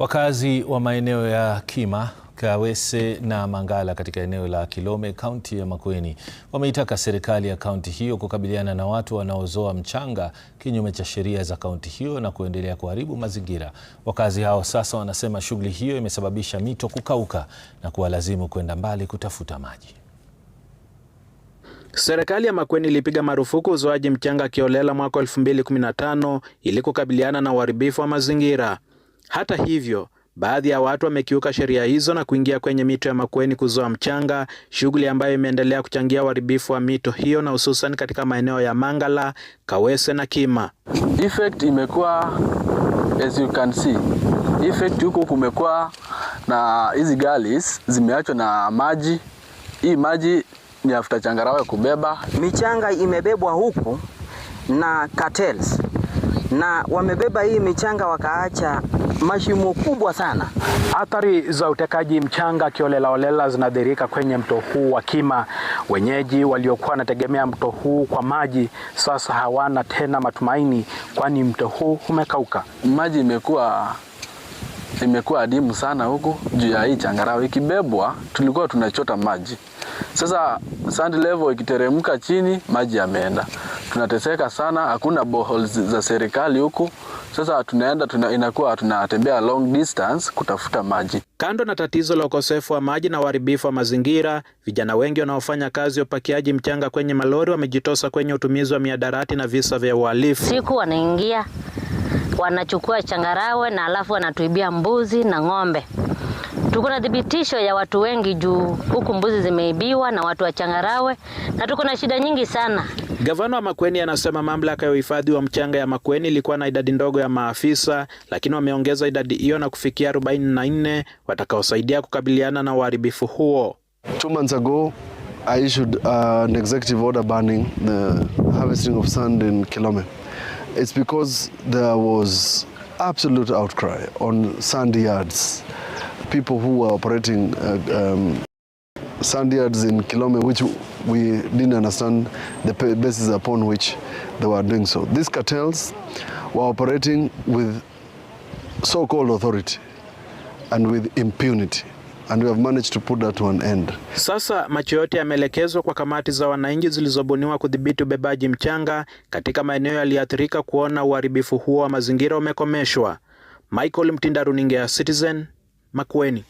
Wakazi wa maeneo ya Kima, Kawese na Mangala katika eneo la Kilome, kaunti ya Makueni, wameitaka serikali ya kaunti hiyo kukabiliana na watu wanaozoa mchanga kinyume cha sheria za kaunti hiyo na kuendelea kuharibu mazingira. Wakazi hao sasa wanasema shughuli hiyo imesababisha mito kukauka na kuwalazimu kwenda mbali kutafuta maji. Serikali ya Makueni ilipiga marufuku uzoaji mchanga kiolela mwaka 2015 ili kukabiliana na uharibifu wa mazingira. Hata hivyo, baadhi ya watu wamekiuka sheria hizo na kuingia kwenye mito ya Makueni kuzoa mchanga, shughuli ambayo imeendelea kuchangia uharibifu wa mito hiyo na hususan katika maeneo ya Mangala, Kawese na Kima. Effect imekuwa as you can see. Effect huko kumekuwa na hizi galis zimeachwa na maji. Hii maji ni afuta changarawe ya kubeba michanga, imebebwa huku na cartels, na wamebeba hii michanga wakaacha mashimo kubwa sana. Athari za utekaji mchanga kiolelaolela zinadhirika kwenye mto huu wa Kima. Wenyeji waliokuwa wanategemea mto huu kwa maji sasa hawana tena matumaini, kwani mto huu umekauka. Maji imekuwa imekuwa adimu sana huku juu ya hii changarawe. Ikibebwa tulikuwa tunachota maji, sasa sand level ikiteremka chini, maji yameenda tunateseka sana, hakuna boreholes za serikali huku. Sasa tunaenda tuna, inakuwa tunatembea long distance kutafuta maji. Kando na tatizo la ukosefu wa maji na uharibifu wa mazingira, vijana wengi wanaofanya kazi ya upakiaji mchanga kwenye malori wamejitosa kwenye utumizi wa miadarati na visa vya uhalifu. Siku wanaingia wanachukua changarawe na alafu wanatuibia mbuzi na ng'ombe. Tuko na thibitisho ya watu wengi juu huku mbuzi zimeibiwa na watu wa changarawe, na tuko na shida nyingi sana. Gavana wa Makueni anasema mamlaka ya uhifadhi wa mchanga ya Makueni ilikuwa na idadi ndogo ya maafisa, lakini wameongeza idadi hiyo na kufikia 44 watakaosaidia kukabiliana na uharibifu huo. Two months ago I issued uh, an executive order banning the harvesting of sand in Kilome. It's because there was absolute outcry on sand yards. People who were operating uh, um, sand yards in Kilome which we didn't understand the basis upon which they were doing so. These cartels were operating with so-called authority and with impunity. And we have managed to put that to an end. Sasa macho yote yameelekezwa kwa kamati za wananchi zilizobuniwa kudhibiti ubebaji mchanga katika maeneo yaliyoathirika kuona uharibifu huo wa mazingira umekomeshwa. Michael Mtinda, runinga ya Citizen, Makueni.